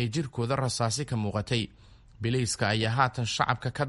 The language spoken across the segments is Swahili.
ay ee jirkooda rasaasi ka muuqatay bilayska ayaa haatan shacabka ka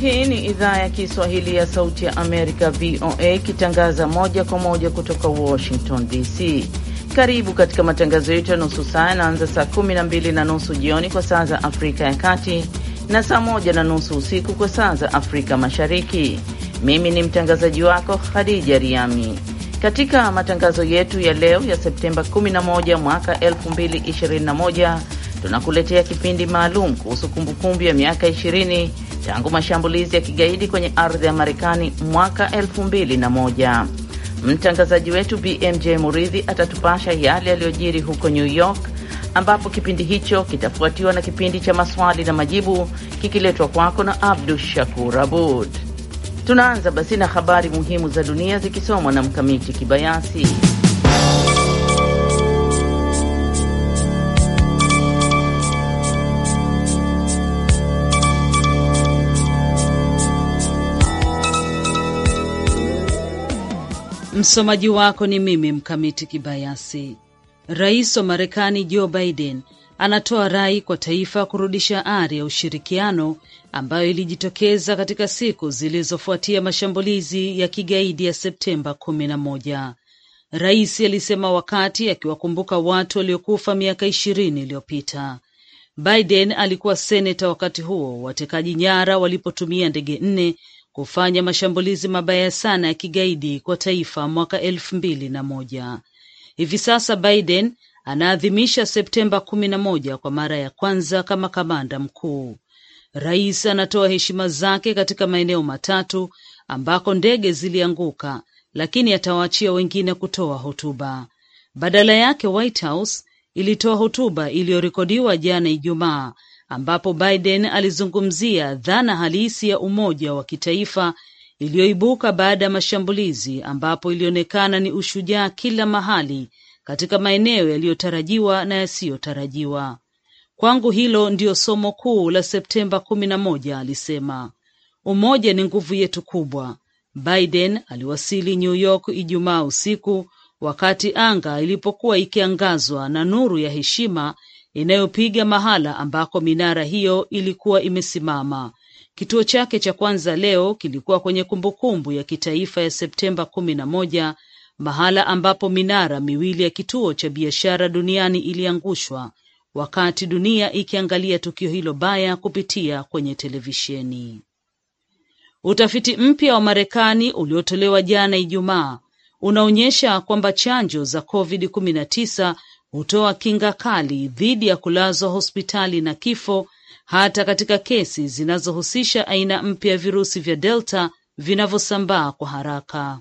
Hii ni idhaa ya Kiswahili ya Sauti ya Amerika, VOA, ikitangaza moja kwa moja kutoka Washington DC. Karibu katika matangazo yetu ya nusu saa yanaanza saa 12 na nusu jioni kwa saa za Afrika ya Kati na saa moja na nusu usiku kwa saa za Afrika Mashariki. Mimi ni mtangazaji wako Khadija Riami. Katika matangazo yetu ya leo ya Septemba 11 mwaka 2021 tunakuletea kipindi maalum kuhusu kumbukumbu ya miaka 20 tangu mashambulizi ya kigaidi kwenye ardhi ya Marekani mwaka 2001. Mtangazaji wetu BMJ Muridhi atatupasha yale yaliyojiri huko New York ambapo kipindi hicho kitafuatiwa na kipindi cha maswali na majibu kikiletwa kwako na Abdu Shakur Abud. Tunaanza basi na habari muhimu za dunia zikisomwa na Mkamiti Kibayasi. Msomaji wako ni mimi Mkamiti Kibayasi. Rais wa Marekani Joe Biden anatoa rai kwa taifa kurudisha ari ya ushirikiano ambayo ilijitokeza katika siku zilizofuatia mashambulizi ya kigaidi ya Septemba kumi na moja. Rais alisema wakati akiwakumbuka watu waliokufa miaka ishirini iliyopita. Biden alikuwa seneta wakati huo watekaji nyara walipotumia ndege nne kufanya mashambulizi mabaya sana ya kigaidi kwa taifa mwaka elfu mbili na moja. Hivi sasa Biden anaadhimisha Septemba kumi na moja kwa mara ya kwanza kama kamanda mkuu. Rais anatoa heshima zake katika maeneo matatu ambako ndege zilianguka, lakini atawaachia wengine kutoa hotuba. Badala yake White House ilitoa hotuba iliyorekodiwa jana Ijumaa ambapo Biden alizungumzia dhana halisi ya umoja wa kitaifa iliyoibuka baada ya mashambulizi ambapo ilionekana ni ushujaa kila mahali katika maeneo yaliyotarajiwa na yasiyotarajiwa. Kwangu hilo ndiyo somo kuu la Septemba kumi na moja, alisema. Umoja ni nguvu yetu kubwa. Biden aliwasili New York Ijumaa usiku wakati anga ilipokuwa ikiangazwa na nuru ya heshima inayopiga mahala ambako minara hiyo ilikuwa imesimama Kituo chake cha kwanza leo kilikuwa kwenye kumbukumbu ya kitaifa ya Septemba kumi na moja, mahala ambapo minara miwili ya kituo cha biashara duniani iliangushwa wakati dunia ikiangalia tukio hilo baya kupitia kwenye televisheni. Utafiti mpya wa Marekani uliotolewa jana Ijumaa unaonyesha kwamba chanjo za COVID-19 hutoa kinga kali dhidi ya kulazwa hospitali na kifo hata katika kesi zinazohusisha aina mpya ya virusi vya Delta vinavyosambaa kwa haraka.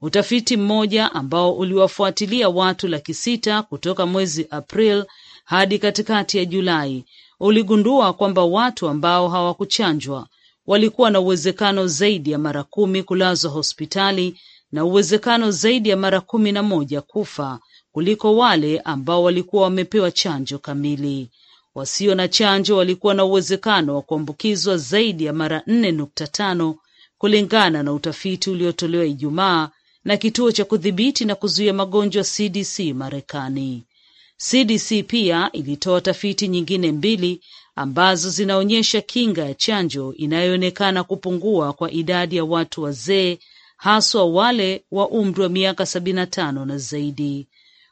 Utafiti mmoja ambao uliwafuatilia watu laki sita kutoka mwezi April hadi katikati ya Julai uligundua kwamba watu ambao hawakuchanjwa walikuwa na uwezekano zaidi ya mara kumi kulazwa hospitali na uwezekano zaidi ya mara kumi na moja kufa kuliko wale ambao walikuwa wamepewa chanjo kamili wasio na chanjo walikuwa na uwezekano wa kuambukizwa zaidi ya mara nne nukta tano kulingana na utafiti uliotolewa Ijumaa na kituo cha kudhibiti na kuzuia magonjwa CDC Marekani. CDC pia ilitoa tafiti nyingine mbili ambazo zinaonyesha kinga ya chanjo inayoonekana kupungua kwa idadi ya watu wazee, haswa wale wa umri wa miaka 75 na zaidi.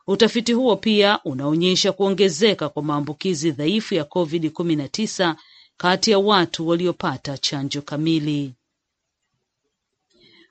Utafiti huo pia unaonyesha kuongezeka kwa maambukizi dhaifu ya covid 19 kati ya watu waliopata chanjo kamili.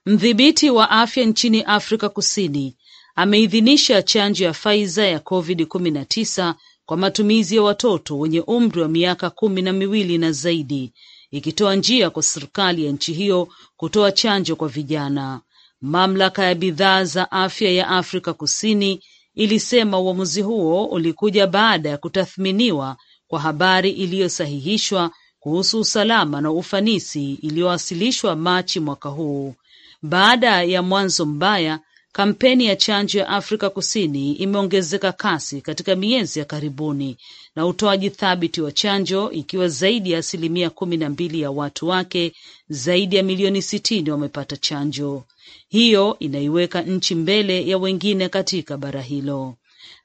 Mdhibiti wa afya nchini Afrika Kusini ameidhinisha chanjo ya Pfizer ya covid 19 kwa matumizi ya watoto wenye umri wa miaka kumi na miwili na zaidi, ikitoa njia kwa serikali ya nchi hiyo kutoa chanjo kwa vijana. Mamlaka ya bidhaa za afya ya Afrika Kusini ilisema uamuzi huo ulikuja baada ya kutathminiwa kwa habari iliyosahihishwa kuhusu usalama na ufanisi iliyowasilishwa Machi mwaka huu, baada ya mwanzo mbaya Kampeni ya chanjo ya Afrika Kusini imeongezeka kasi katika miezi ya karibuni na utoaji thabiti wa chanjo, ikiwa zaidi ya asilimia kumi na mbili ya watu wake zaidi ya milioni sitini wamepata chanjo. Hiyo inaiweka nchi mbele ya wengine katika bara hilo.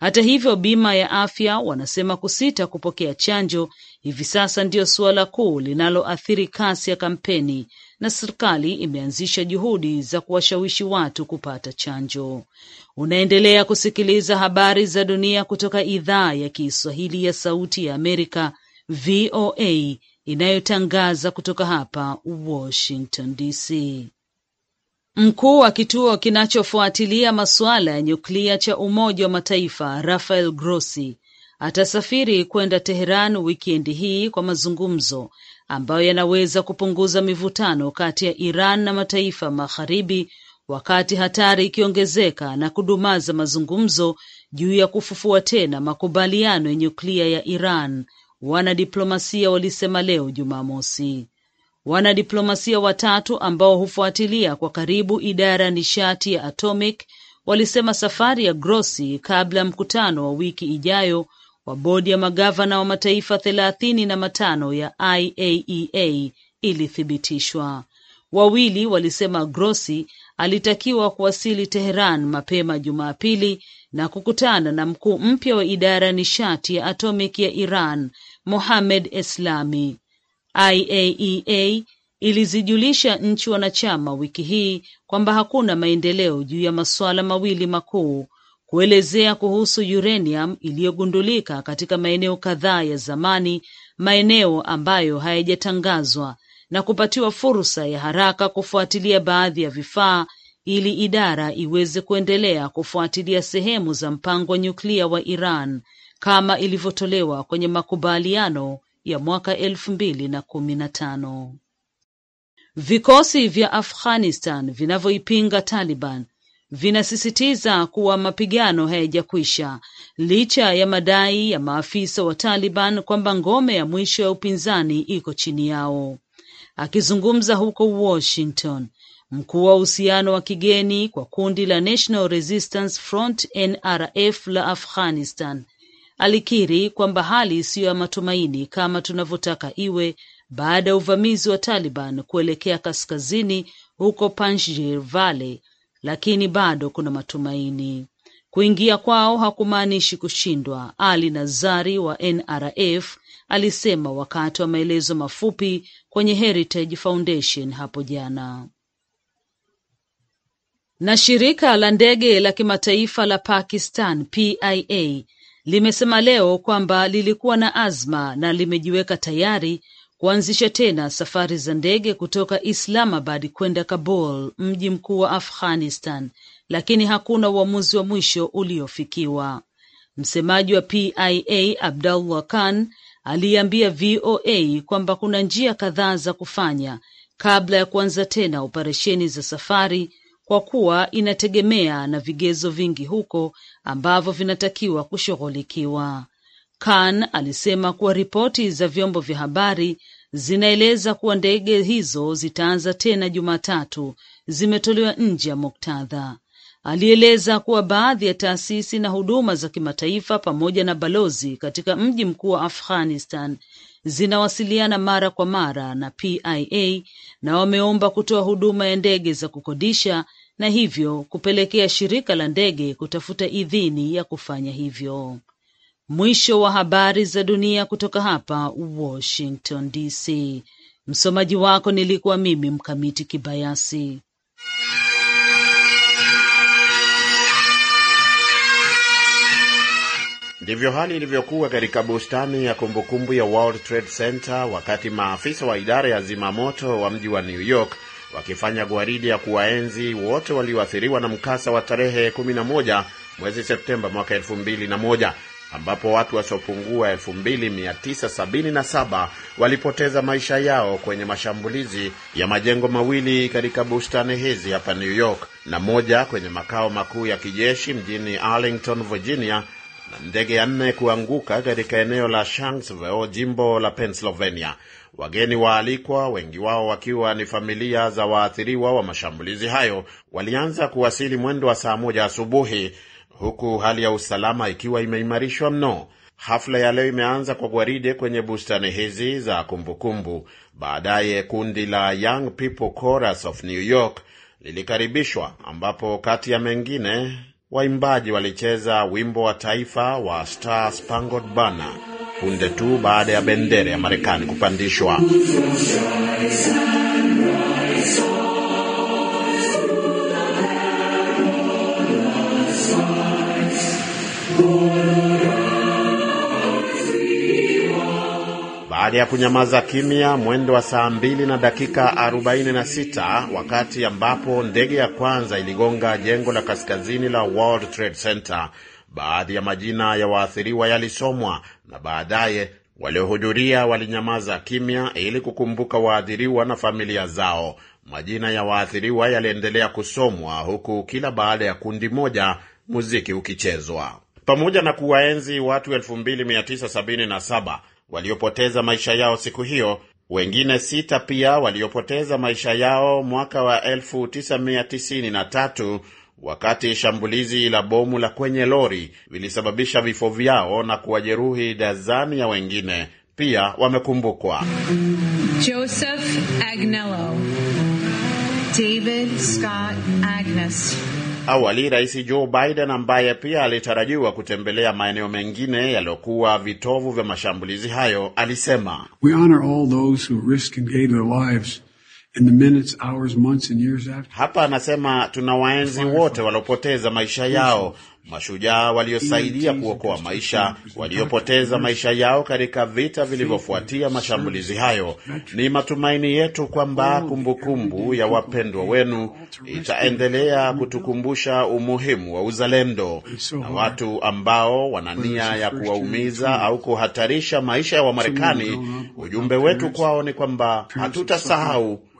Hata hivyo, bima ya afya wanasema kusita kupokea chanjo hivi sasa ndiyo suala kuu linaloathiri kasi ya kampeni na serikali imeanzisha juhudi za kuwashawishi watu kupata chanjo. Unaendelea kusikiliza habari za dunia kutoka idhaa ya Kiswahili ya Sauti ya Amerika, VOA, inayotangaza kutoka hapa Washington DC. Mkuu wa kituo kinachofuatilia masuala ya nyuklia cha Umoja wa Mataifa Rafael Grossi atasafiri kwenda Teheran wikendi hii kwa mazungumzo ambayo yanaweza kupunguza mivutano kati ya Iran na mataifa magharibi wakati hatari ikiongezeka na kudumaza mazungumzo juu ya kufufua tena makubaliano ya nyuklia ya Iran, wanadiplomasia walisema leo Jumamosi. Wanadiplomasia watatu ambao hufuatilia kwa karibu idara ya nishati ya atomic walisema safari ya Grossi kabla ya mkutano wa wiki ijayo wa bodi ya magavana wa mataifa thelathini na matano ya IAEA e ilithibitishwa. Wawili walisema Grossi alitakiwa kuwasili Teheran mapema Jumapili na kukutana na mkuu mpya wa idara ya nishati ya atomic ya Iran, Mohamed Eslami. IAEA e ilizijulisha nchi wanachama wiki hii kwamba hakuna maendeleo juu ya masuala mawili makuu kuelezea kuhusu uranium iliyogundulika katika maeneo kadhaa ya zamani, maeneo ambayo hayajatangazwa na kupatiwa fursa ya haraka kufuatilia baadhi ya vifaa ili idara iweze kuendelea kufuatilia sehemu za mpango wa nyuklia wa Iran kama ilivyotolewa kwenye makubaliano ya mwaka elfu mbili na kumi na tano. Vikosi vya Afghanistan vinavyoipinga Taliban vinasisitiza kuwa mapigano hayajakwisha licha ya madai ya maafisa wa Taliban kwamba ngome ya mwisho ya upinzani iko chini yao. Akizungumza huko Washington, mkuu wa uhusiano wa kigeni kwa kundi la National Resistance Front NRF la Afghanistan alikiri kwamba hali isiyo ya matumaini kama tunavyotaka iwe baada ya uvamizi wa Taliban kuelekea kaskazini huko Panjshir Valley lakini bado kuna matumaini. Kuingia kwao hakumaanishi kushindwa, Ali Nazari wa NRF alisema wakati wa maelezo mafupi kwenye Heritage Foundation hapo jana. Na shirika la ndege la kimataifa la Pakistan PIA limesema leo kwamba lilikuwa na azma na limejiweka tayari kuanzisha tena safari za ndege kutoka Islamabad kwenda Kabul, mji mkuu wa Afghanistan, lakini hakuna uamuzi wa mwisho uliofikiwa. Msemaji wa PIA Abdullah Khan aliambia VOA kwamba kuna njia kadhaa za kufanya kabla ya kuanza tena operesheni za safari, kwa kuwa inategemea na vigezo vingi huko ambavyo vinatakiwa kushughulikiwa. Khan alisema kuwa ripoti za vyombo vya habari zinaeleza kuwa ndege hizo zitaanza tena Jumatatu zimetolewa nje ya muktadha. Alieleza kuwa baadhi ya taasisi na huduma za kimataifa pamoja na balozi katika mji mkuu wa Afghanistan zinawasiliana mara kwa mara na PIA na wameomba kutoa huduma ya ndege za kukodisha na hivyo kupelekea shirika la ndege kutafuta idhini ya kufanya hivyo. Mwisho wa habari za dunia kutoka hapa Washington DC. Msomaji wako nilikuwa mimi Mkamiti Kibayasi. Ndivyo hali ilivyokuwa katika bustani ya kumbukumbu ya World Trade Center wakati maafisa wa idara ya zimamoto wa mji wa New York wakifanya gwaridi ya kuwaenzi wote walioathiriwa na mkasa wa tarehe 11 mwezi Septemba mwaka 2001 ambapo watu wasiopungua 2977 walipoteza maisha yao kwenye mashambulizi ya majengo mawili katika bustani hizi hapa New York na moja kwenye makao makuu ya kijeshi mjini Arlington, Virginia na ndege ya nne kuanguka katika eneo la Shanksville, jimbo la Pennsylvania. Wageni waalikwa, wengi wao wakiwa ni familia za waathiriwa wa mashambulizi hayo, walianza kuwasili mwendo wa saa moja asubuhi huku hali ya usalama ikiwa imeimarishwa mno. Hafla ya leo imeanza kwa gwaride kwenye bustani hizi za kumbukumbu. Baadaye kundi la Young People Chorus of New York lilikaribishwa, ambapo kati ya mengine waimbaji walicheza wimbo wa taifa wa Star Spangled Banner punde tu baada ya bendera ya Marekani kupandishwa. Baada ya kunyamaza kimya mwendo wa saa mbili na dakika 46 wakati ambapo ndege ya kwanza iligonga jengo la kaskazini la World Trade Center, baadhi ya majina ya waathiriwa yalisomwa na baadaye waliohudhuria walinyamaza kimya ili kukumbuka waathiriwa na familia zao. Majina ya waathiriwa yaliendelea kusomwa huku kila baada ya kundi moja muziki ukichezwa pamoja na kuwaenzi watu 2977 waliopoteza maisha yao siku hiyo, wengine sita pia waliopoteza maisha yao mwaka wa 1993 wakati shambulizi la bomu la kwenye lori vilisababisha vifo vyao na kuwajeruhi dazani ya wengine pia wamekumbukwa. Joseph Agnello, David Scott Agnes Awali Rais Joe Biden ambaye pia alitarajiwa kutembelea maeneo mengine yaliyokuwa vitovu vya mashambulizi hayo alisema, We honor all those who risk and gave their lives in the minutes, hours, months and years after. Hapa anasema tunawaenzi wote waliopoteza maisha yao mashujaa waliosaidia kuokoa maisha, waliopoteza maisha yao katika vita vilivyofuatia mashambulizi hayo. Ni matumaini yetu kwamba oh, kumbukumbu ya wapendwa wenu itaendelea kutukumbusha umuhimu wa uzalendo, na watu ambao wana nia ya kuwaumiza au kuhatarisha maisha ya Wamarekani, ujumbe wetu kwao ni kwamba hatutasahau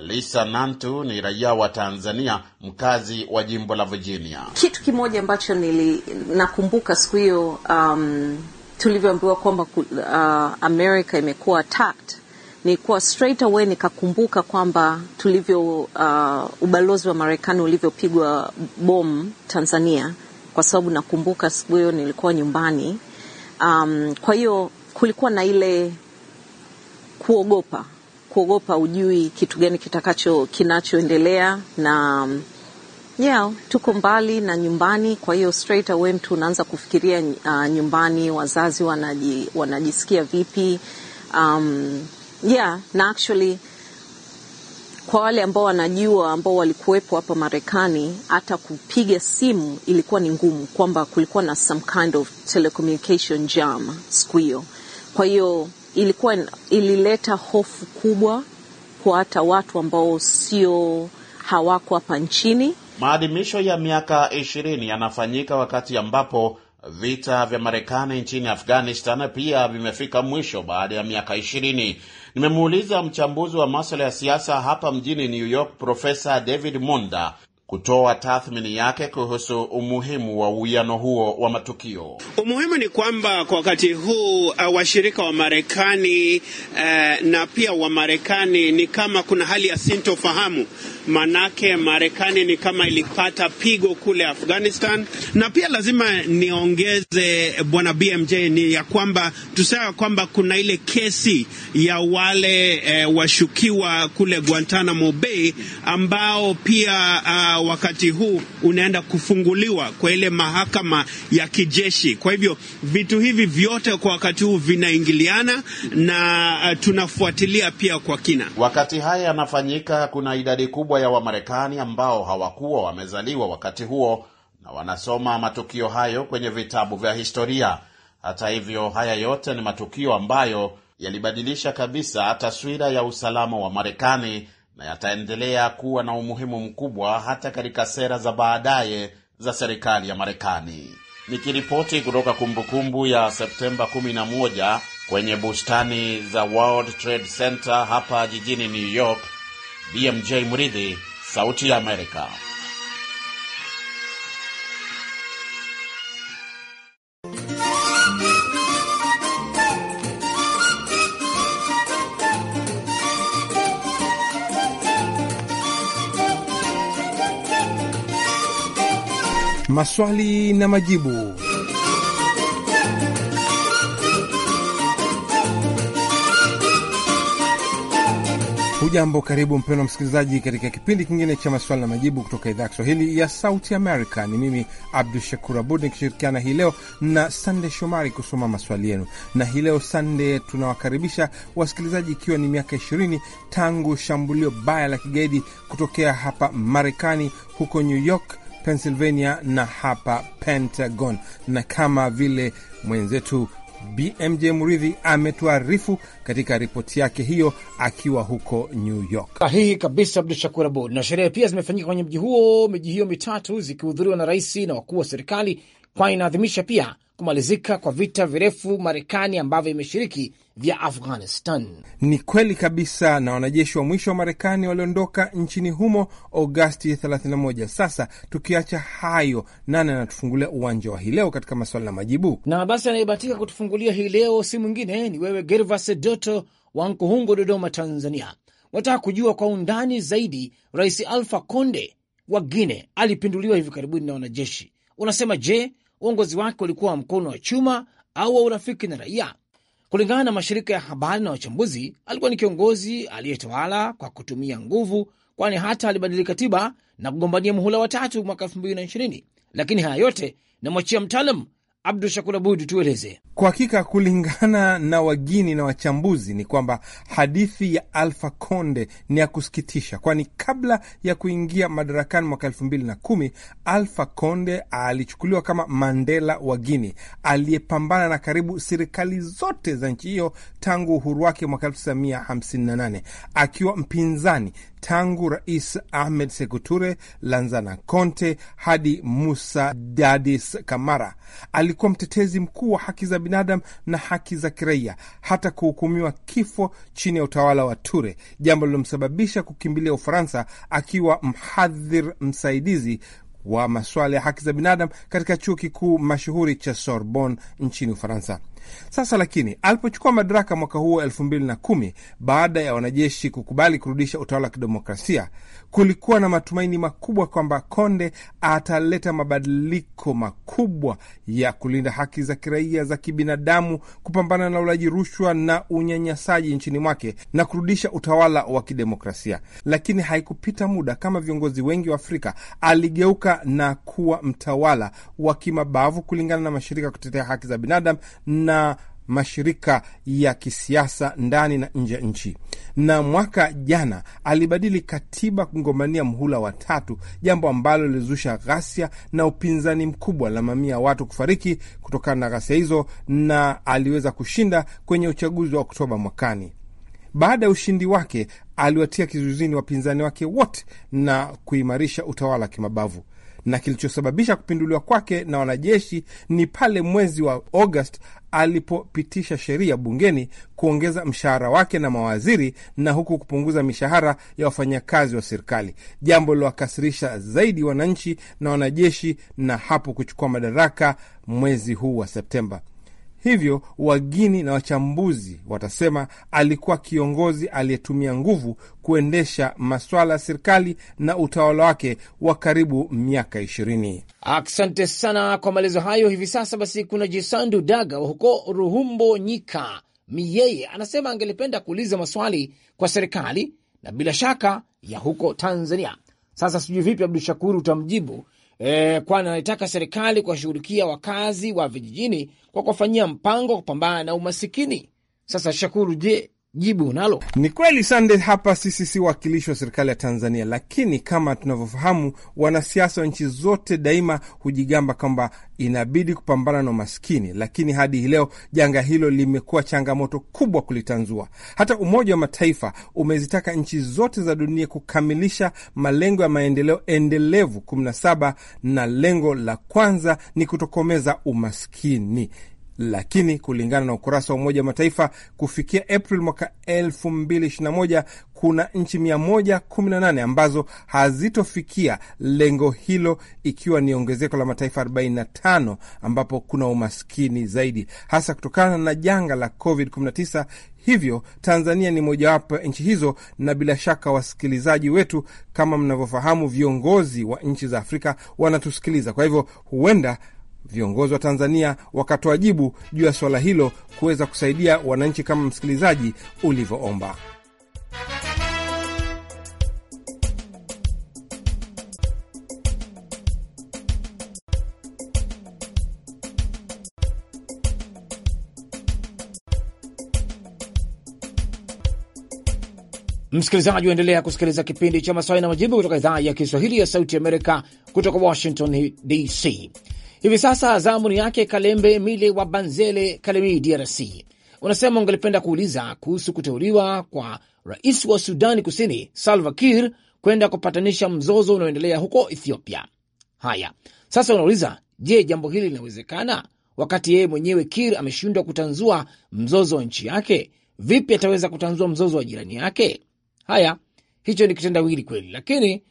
Lisa Nantu ni raia wa Tanzania, mkazi wa jimbo la Virginia. Kitu kimoja ambacho nili nakumbuka siku hiyo um, tulivyoambiwa kwamba uh, America imekuwa attacked, nikuwa straight away nikakumbuka kwamba tulivyo uh, ubalozi wa Marekani ulivyopigwa bom Tanzania, kwa sababu nakumbuka siku hiyo nilikuwa nyumbani um, kwa hiyo kulikuwa na ile kuogopa kuogopa, ujui kitu gani kitakacho kinachoendelea na yeah, tuko mbali na nyumbani, kwa hiyo straight away mtu unaanza kufikiria uh, nyumbani wazazi wanaji, wanajisikia vipi um, yeah, na actually kwa wale ambao wanajua ambao walikuwepo hapa Marekani, hata kupiga simu ilikuwa ni ngumu, kwamba kulikuwa na some kind of telecommunication jam siku hiyo. Kwa hiyo ilikuwa ilileta hofu kubwa kwa hata watu ambao sio hawako hapa nchini. Maadhimisho ya miaka ishirini yanafanyika wakati ambapo vita vya Marekani nchini Afghanistan pia vimefika mwisho baada ya miaka ishirini. Nimemuuliza mchambuzi wa maswala ya siasa hapa mjini New York, Profesa David monda kutoa tathmini yake kuhusu umuhimu wa uwiano huo wa matukio. Umuhimu ni kwamba kwa wakati huu uh, washirika wa Marekani uh, na pia wa Marekani ni kama kuna hali ya sintofahamu manake Marekani ni kama ilipata pigo kule Afghanistan. Na pia lazima niongeze bwana BMJ ni ya kwamba tusema kwamba kuna ile kesi ya wale e, washukiwa kule Guantanamo Bay ambao pia a, ah, wakati huu unaenda kufunguliwa kwa ile mahakama ya kijeshi. Kwa hivyo vitu hivi vyote kwa wakati huu vinaingiliana na a, ah, tunafuatilia pia kwa kina. Wakati haya yanafanyika, kuna idadi kubwa makubwa ya Wamarekani ambao hawakuwa wamezaliwa wakati huo na wanasoma matukio hayo kwenye vitabu vya historia. Hata hivyo, haya yote ni matukio ambayo yalibadilisha kabisa taswira ya usalama wa Marekani na yataendelea kuwa na umuhimu mkubwa hata katika sera za baadaye za serikali ya Marekani. Nikiripoti kutoka kumbukumbu ya Septemba 11 kwenye bustani za World Trade Center hapa jijini New York. BMJ Mridhi, Sauti ya Amerika. Maswali na majibu. Hujambo, karibu mpendwa msikilizaji, katika kipindi kingine cha maswali na majibu kutoka idhaa ya Kiswahili ya Sauti Amerika. Ni mimi Abdu Shakur Abud nikishirikiana hii leo na Sande Shomari kusoma maswali yenu. Na hii leo Sande, tunawakaribisha wasikilizaji, ikiwa ni miaka ishirini tangu shambulio baya la kigaidi kutokea hapa Marekani, huko New York, Pennsylvania na hapa Pentagon, na kama vile mwenzetu BMJ Mridhi ametuarifu katika ripoti yake hiyo akiwa huko New York. Sahihi kabisa, Abdu Shakur Abud. Na sherehe pia zimefanyika kwenye mji huo, miji hiyo mitatu, zikihudhuriwa na rais na wakuu wa serikali kwani inaadhimisha pia kumalizika kwa vita virefu Marekani ambavyo imeshiriki vya Afghanistan. Ni kweli kabisa, na wanajeshi wa mwisho wa Marekani waliondoka nchini humo Agosti 31. Sasa tukiacha hayo, nani anatufungulia uwanja wa hii leo katika maswala na majibu? Na basi anayebahatika kutufungulia hii leo si mwingine, ni wewe Gervas Doto wa Nkuhungo, Dodoma, Tanzania. Unataka kujua kwa undani zaidi Rais alfa Conde wa Guine alipinduliwa hivi karibuni na wanajeshi. Unasema je, uongozi wake ulikuwa wa mkono wa chuma au wa urafiki na raia. Kulingana na mashirika ya habari na wachambuzi, alikuwa ni kiongozi aliyetawala kwa kutumia nguvu, kwani hata alibadili katiba na kugombania muhula watatu mwaka elfu mbili na ishirini. Lakini haya yote namwachia mtaalam Abdu Shakur Abud, tueleze kwa hakika. Kulingana na wagini na wachambuzi, ni kwamba hadithi ya Alfa Konde ni ya kusikitisha, kwani kabla ya kuingia madarakani mwaka elfu mbili na kumi Alfa Konde alichukuliwa kama Mandela wa Guini, aliyepambana na karibu serikali zote za nchi hiyo tangu uhuru wake mwaka nane akiwa mpinzani tangu Rais Ahmed Sekuture Lanzana Conte hadi Musa Dadis Kamara. Alikuwa mtetezi mkuu wa haki za binadamu na haki za kiraia, hata kuhukumiwa kifo chini ya utawala wa Ture, jambo lilomsababisha kukimbilia Ufaransa akiwa mhadhir msaidizi wa masuala ya haki za binadamu katika chuo kikuu mashuhuri cha Sorbonne nchini Ufaransa. Sasa lakini alipochukua madaraka mwaka huo elfu mbili na kumi baada ya wanajeshi kukubali kurudisha utawala wa kidemokrasia kulikuwa na matumaini makubwa kwamba Konde ataleta mabadiliko makubwa ya kulinda haki za kiraia za kibinadamu, kupambana na ulaji rushwa na unyanyasaji nchini mwake na kurudisha utawala wa kidemokrasia, lakini haikupita muda, kama viongozi wengi wa Afrika, aligeuka na kuwa mtawala wa kimabavu kulingana na mashirika ya kutetea haki za binadamu na mashirika ya kisiasa ndani na nje ya nchi. Na mwaka jana alibadili katiba kugombania mhula wa tatu, jambo ambalo lilizusha ghasia na upinzani mkubwa, la mamia ya watu kufariki kutokana na ghasia hizo, na aliweza kushinda kwenye uchaguzi wa Oktoba mwakani. Baada ya ushindi wake aliwatia kizuizini wapinzani wake wote na kuimarisha utawala wa kimabavu na kilichosababisha kupinduliwa kwake na wanajeshi ni pale mwezi wa Agosti alipopitisha sheria bungeni kuongeza mshahara wake na mawaziri na huku kupunguza mishahara ya wafanyakazi wa serikali, jambo lilowakasirisha zaidi wananchi na wanajeshi, na hapo kuchukua madaraka mwezi huu wa Septemba. Hivyo wagini na wachambuzi watasema alikuwa kiongozi aliyetumia nguvu kuendesha maswala ya serikali na utawala wake wa karibu miaka ishirini. Asante sana kwa maelezo hayo. Hivi sasa basi, kuna Jisandu Daga huko Ruhumbo Nyika Miyeye anasema angelipenda kuuliza maswali kwa serikali na bila shaka ya huko Tanzania. Sasa sijui vipi, Abdu Shakuru utamjibu, e, kwani anaitaka serikali kuwashughulikia wakazi wa vijijini kwa kuwafanyia mpango wa kupambana na umasikini. Sasa Shakuru, je, jibu nalo ni kweli. Sande, hapa sisi si wakilishi wa serikali ya Tanzania, lakini kama tunavyofahamu, wanasiasa wa nchi zote daima hujigamba kwamba inabidi kupambana na umaskini, lakini hadi hii leo janga hilo limekuwa changamoto kubwa kulitanzua. Hata Umoja wa Mataifa umezitaka nchi zote za dunia kukamilisha malengo ya maendeleo endelevu 17 na lengo la kwanza ni kutokomeza umaskini lakini kulingana na ukurasa wa Umoja wa Mataifa, kufikia April mwaka 2021 kuna nchi 118 ambazo hazitofikia lengo hilo, ikiwa ni ongezeko la mataifa 45 ambapo kuna umaskini zaidi, hasa kutokana na janga la COVID-19. Hivyo Tanzania ni mojawapo ya nchi hizo, na bila shaka wasikilizaji wetu, kama mnavyofahamu, viongozi wa nchi za Afrika wanatusikiliza, kwa hivyo huenda Viongozi wa Tanzania wakatoa jibu juu ya suala hilo kuweza kusaidia wananchi kama msikilizaji ulivyoomba. Msikilizaji, uendelea kusikiliza kipindi cha maswali na majibu kutoka idhaa ya Kiswahili ya Sauti Amerika kutoka Washington DC. Hivi sasa zamuni yake Kalembe Mile wa Banzele Kalemi, DRC, unasema ungelipenda kuuliza kuhusu kuteuliwa kwa rais wa Sudani Kusini Salva Kiir kwenda kupatanisha mzozo unaoendelea huko Ethiopia. Haya, sasa unauliza, je, jambo hili linawezekana wakati yeye mwenyewe Kiir ameshindwa kutanzua mzozo wa nchi yake? Vipi ataweza kutanzua mzozo wa jirani yake? Haya, hicho ni kitendawili kweli, lakini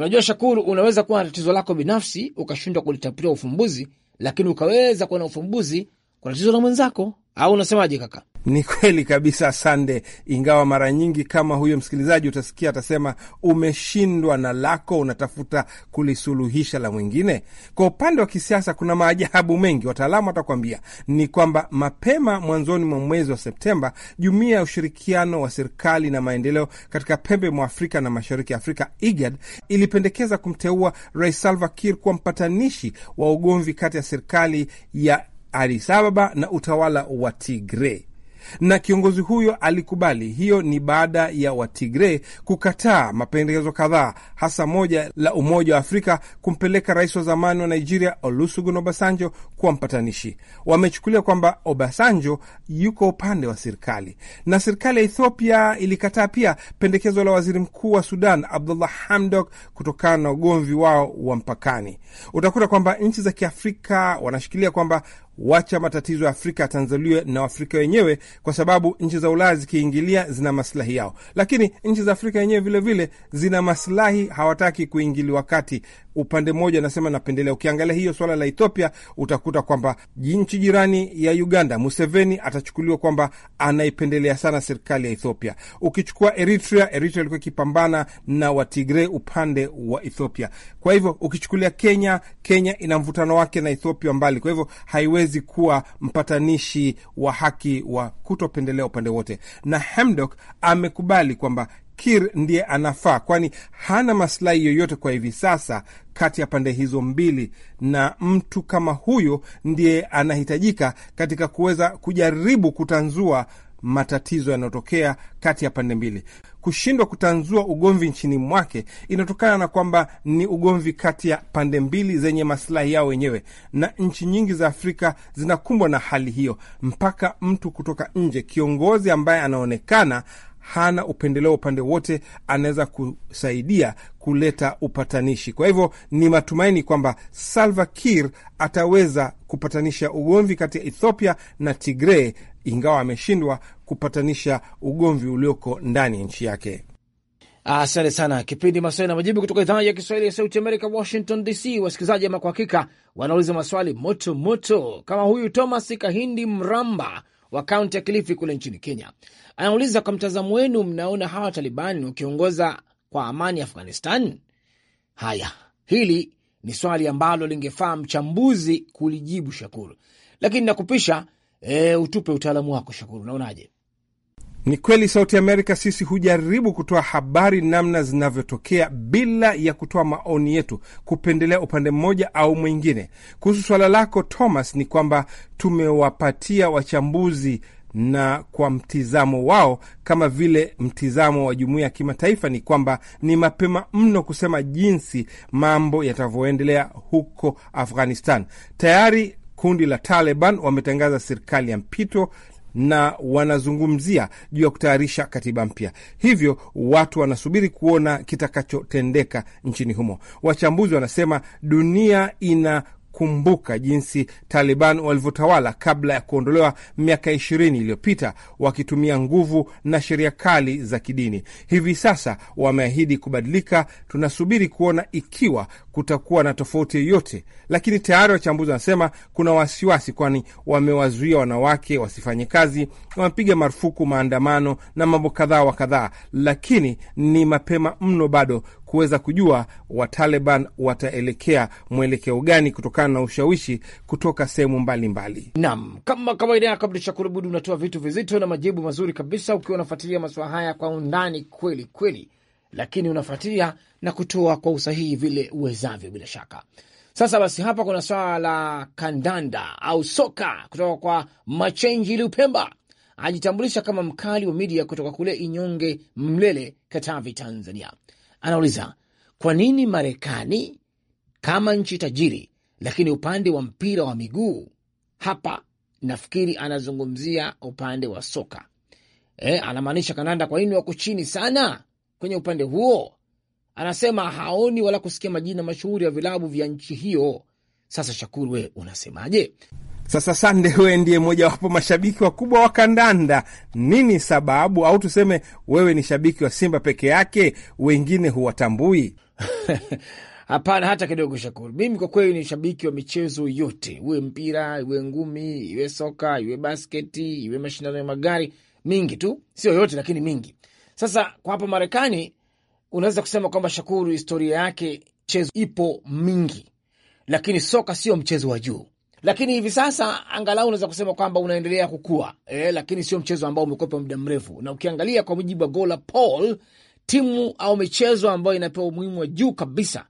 Unajua Shakuru, unaweza kuwa na tatizo lako binafsi ukashindwa kulitapiria ufumbuzi, lakini ukaweza kuwa na ufumbuzi kwa tatizo la mwenzako, au unasemaje kaka? Ni kweli kabisa, Sande. Ingawa mara nyingi kama huyo msikilizaji utasikia atasema umeshindwa na lako, unatafuta kulisuluhisha la mwingine. Kwa upande wa kisiasa, kuna maajabu mengi. Wataalamu watakwambia ni kwamba mapema mwanzoni mwa mwezi wa Septemba, jumuiya ya ushirikiano wa serikali na maendeleo katika pembe mwa Afrika na mashariki ya Afrika, IGAD, ilipendekeza kumteua Rais Salva Kiir kuwa mpatanishi wa ugomvi kati ya serikali ya Addis Ababa na utawala wa Tigray na kiongozi huyo alikubali. Hiyo ni baada ya Watigre kukataa mapendekezo kadhaa, hasa moja la Umoja wa Afrika kumpeleka rais wa zamani wa Nigeria Olusegun Obasanjo kuwa mpatanishi. Wamechukulia kwamba Obasanjo yuko upande wa serikali, na serikali ya Ethiopia ilikataa pia pendekezo la waziri mkuu wa Sudan Abdullah Hamdok kutokana na ugomvi wao wa mpakani. Utakuta kwamba nchi za Kiafrika wanashikilia kwamba wacha matatizo ya Afrika yatanzuliwe na Waafrika wenyewe, kwa sababu nchi za Ulaya zikiingilia zina masilahi yao, lakini nchi za Afrika wenyewe vilevile zina masilahi hawataki kuingiliwa kati upande mmoja anasema napendelea. Ukiangalia hiyo swala la Ethiopia utakuta kwamba nchi jirani ya Uganda, Museveni atachukuliwa kwamba anaipendelea sana serikali ya Ethiopia. Ukichukua Eritrea, Eritrea ilikuwa ikipambana na Watigre upande wa Ethiopia. Kwa hivyo ukichukulia Kenya, Kenya ina mvutano wake na Ethiopia mbali, kwa hivyo haiwezi kuwa mpatanishi wa haki wa kutopendelea upande wote, na Hemdok amekubali kwamba Kir ndiye anafaa, kwani hana masilahi yoyote kwa hivi sasa kati ya pande hizo mbili, na mtu kama huyo ndiye anahitajika katika kuweza kujaribu kutanzua matatizo yanayotokea kati ya pande mbili. Kushindwa kutanzua ugomvi nchini mwake inatokana na kwamba ni ugomvi kati ya pande mbili zenye masilahi yao wenyewe, na nchi nyingi za Afrika zinakumbwa na hali hiyo, mpaka mtu kutoka nje, kiongozi ambaye anaonekana hana upendeleo upande wote, anaweza kusaidia kuleta upatanishi. Kwa hivyo ni matumaini kwamba Salva Kiir ataweza kupatanisha ugomvi kati ya Ethiopia na Tigray, ingawa ameshindwa kupatanisha ugomvi ulioko ndani ya nchi yake. Asante sana. Kipindi maswali na majibu kutoka idhaa ya Kiswahili ya Sauti Amerika, Washington DC. Wasikilizaji, ama kwa hakika wanauliza maswali moto moto kama huyu Thomas Kahindi Mramba wa kaunti ya Kilifi kule nchini Kenya. Anauliza, kwa mtazamo wenu, mnaona hawa taliban wakiongoza kwa amani Afghanistan? Haya, hili ni swali ambalo lingefaa mchambuzi kulijibu Shakuru, lakini nakupisha e, utupe utaalamu wako Shakuru, unaonaje? Ni kweli Sauti Amerika sisi hujaribu kutoa habari namna zinavyotokea bila ya kutoa maoni yetu, kupendelea upande mmoja au mwingine. Kuhusu suala lako Thomas, ni kwamba tumewapatia wachambuzi na kwa mtizamo wao, kama vile mtizamo wa jumuiya ya kimataifa ni kwamba ni mapema mno kusema jinsi mambo yatavyoendelea huko Afghanistan. Tayari kundi la Taliban wametangaza serikali ya mpito na wanazungumzia juu ya kutayarisha katiba mpya. Hivyo watu wanasubiri kuona kitakachotendeka nchini humo. Wachambuzi wanasema dunia ina kumbuka jinsi Taliban walivyotawala kabla ya kuondolewa miaka ishirini iliyopita wakitumia nguvu na sheria kali za kidini. Hivi sasa wameahidi kubadilika. Tunasubiri kuona ikiwa kutakuwa na tofauti yoyote, lakini tayari wachambuzi wanasema kuna wasiwasi, kwani wamewazuia wanawake wasifanye kazi, wamepiga marufuku maandamano na mambo kadhaa wa kadhaa, lakini ni mapema mno bado kuweza kujua Wataliban wataelekea mwelekeo gani kutokana na ushawishi kutoka sehemu mbalimbali. Naam, kama kawaida yako Abdu Shakur Abud, unatoa vitu vizito na majibu mazuri kabisa, ukiwa unafuatilia masuala haya kwa undani kweli kweli, lakini unafuatilia na kutoa kwa usahihi vile uwezavyo, bila shaka. Sasa basi, hapa kuna swala la kandanda au soka kutoka kwa Machenji Lupemba, ajitambulisha kama mkali wa midia kutoka kule Inyonge, Mlele, Katavi, Tanzania. Anauliza, kwa nini Marekani kama nchi tajiri, lakini upande wa mpira wa miguu hapa, nafikiri anazungumzia upande wa soka e, anamaanisha kananda. Kwa nini wako chini sana kwenye upande huo? Anasema haoni wala kusikia majina mashuhuri ya vilabu vya nchi hiyo. Sasa Shakuru, we unasemaje? Sasa Sande, wewe ndiye mojawapo mashabiki wakubwa wa kandanda. Nini sababu, au tuseme wewe ni shabiki wa Simba peke yake, wengine huwatambui? Hapana, hata kidogo, Shakuru. Mimi kwa kweli ni shabiki wa michezo yote, iwe mpira, iwe ngumi, iwe soka, iwe basketi, iwe mashindano ya magari, mingi tu, sio yote, lakini mingi. Sasa kwa hapa Marekani unaweza kusema kwamba Shakuru, historia yake mchezo ipo mingi, lakini soka sio mchezo wa juu lakini hivi sasa angalau unaweza kusema kwamba unaendelea kukua eh, lakini sio mchezo ambao umekopa muda mrefu. Na ukiangalia kwa mujibu wa Gola Paul, timu au michezo ambayo inapewa umuhimu wa juu kabisa,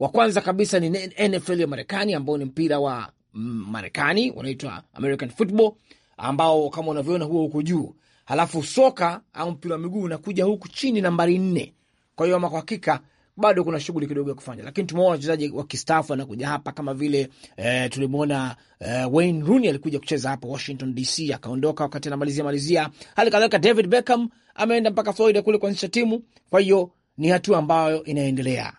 wa kwanza kabisa ni NFL ya Marekani, ambao ni mpira wa Marekani unaitwa American Football, ambao kama unavyoona huo huko juu, halafu soka au mpira wa miguu unakuja huku chini, nambari nne. Kwa hiyo ama kwa hakika bado kuna shughuli kidogo ya kufanya, lakini tumeona wachezaji wa kistafu wanakuja hapa kama vile eh, tulimwona eh, Wayne Rooney alikuja kucheza hapa Washington DC akaondoka wakati anamalizia malizia. Hali kadhalika David Beckham ameenda mpaka Florida kule kuanzisha timu. Kwa hiyo ni hatua ambayo inaendelea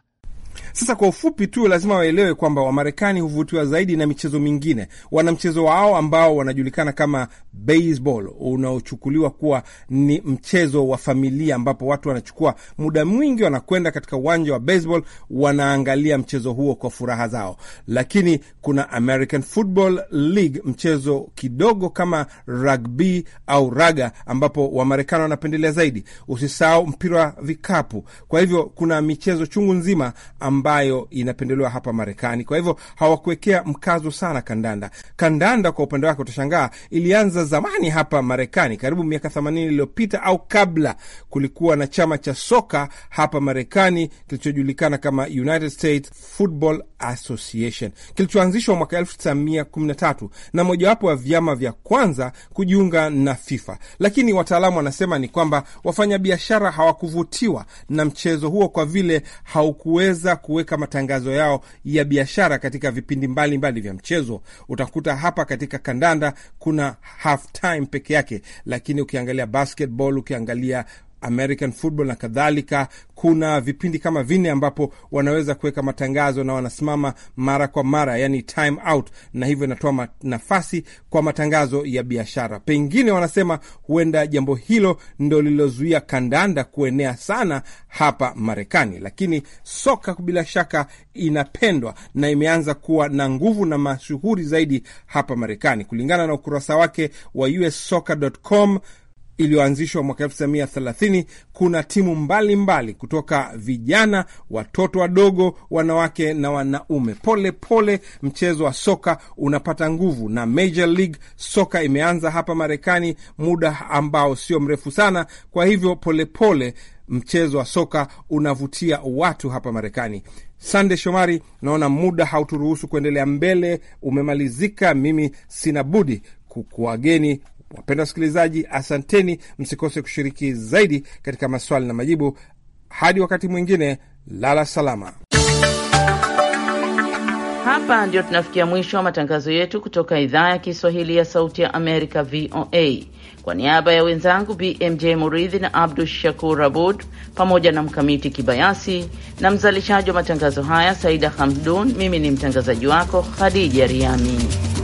sasa kwa ufupi tu, lazima waelewe kwamba Wamarekani huvutiwa zaidi na michezo mingine. Wana mchezo wao ambao wanajulikana kama baseball, unaochukuliwa kuwa ni mchezo wa familia, ambapo watu wanachukua muda mwingi, wanakwenda katika uwanja wa baseball, wanaangalia mchezo huo kwa furaha zao. Lakini kuna American Football League, mchezo kidogo kama rugby au raga, ambapo Wamarekani wanapendelea zaidi. Usisahau mpira wa vikapu. Kwa hivyo kuna michezo chungu nzima amba ambayo inapendelewa hapa Marekani. Kwa hivyo hawakuwekea mkazo sana kandanda. Kandanda kwa upande wake utashangaa, ilianza zamani hapa Marekani, karibu miaka themanini iliyopita au kabla. Kulikuwa na chama cha soka hapa Marekani kilichojulikana kama United States Football Association kilichoanzishwa mwaka 1913 na mojawapo wa vyama vya kwanza kujiunga na FIFA, lakini wataalamu wanasema ni kwamba wafanyabiashara hawakuvutiwa na mchezo huo kwa vile haukuweza ku kuweka matangazo yao ya biashara katika vipindi mbalimbali mbali vya mchezo. Utakuta hapa katika kandanda kuna halftime peke yake, lakini ukiangalia basketball, ukiangalia American Football na kadhalika. Kuna vipindi kama vinne ambapo wanaweza kuweka matangazo na wanasimama mara kwa mara, yani time out, na hivyo inatoa nafasi kwa matangazo ya biashara. Pengine wanasema huenda jambo hilo ndo lililozuia kandanda kuenea sana hapa Marekani, lakini soka bila shaka inapendwa na imeanza kuwa na nguvu na mashuhuri zaidi hapa Marekani kulingana na ukurasa wake wa ussoccer.com iliyoanzishwa mwaka 1930 kuna timu mbalimbali mbali, kutoka vijana, watoto wadogo, wanawake na wanaume. Pole pole mchezo wa soka unapata nguvu, na Major League soka imeanza hapa Marekani muda ambao sio mrefu sana. Kwa hivyo polepole pole, mchezo wa soka unavutia watu hapa Marekani. Sande Shomari, naona muda hauturuhusu kuendelea mbele, umemalizika. Mimi sina budi kukuageni Wapenda wasikilizaji, asanteni, msikose kushiriki zaidi katika maswali na majibu. Hadi wakati mwingine, lala salama. Hapa ndio tunafikia mwisho wa matangazo yetu kutoka idhaa ya Kiswahili ya Sauti ya Amerika, VOA. Kwa niaba ya wenzangu BMJ Muridhi na Abdu Shakur Abud pamoja na Mkamiti Kibayasi na mzalishaji wa matangazo haya Saida Hamdun, mimi ni mtangazaji wako Khadija Riami.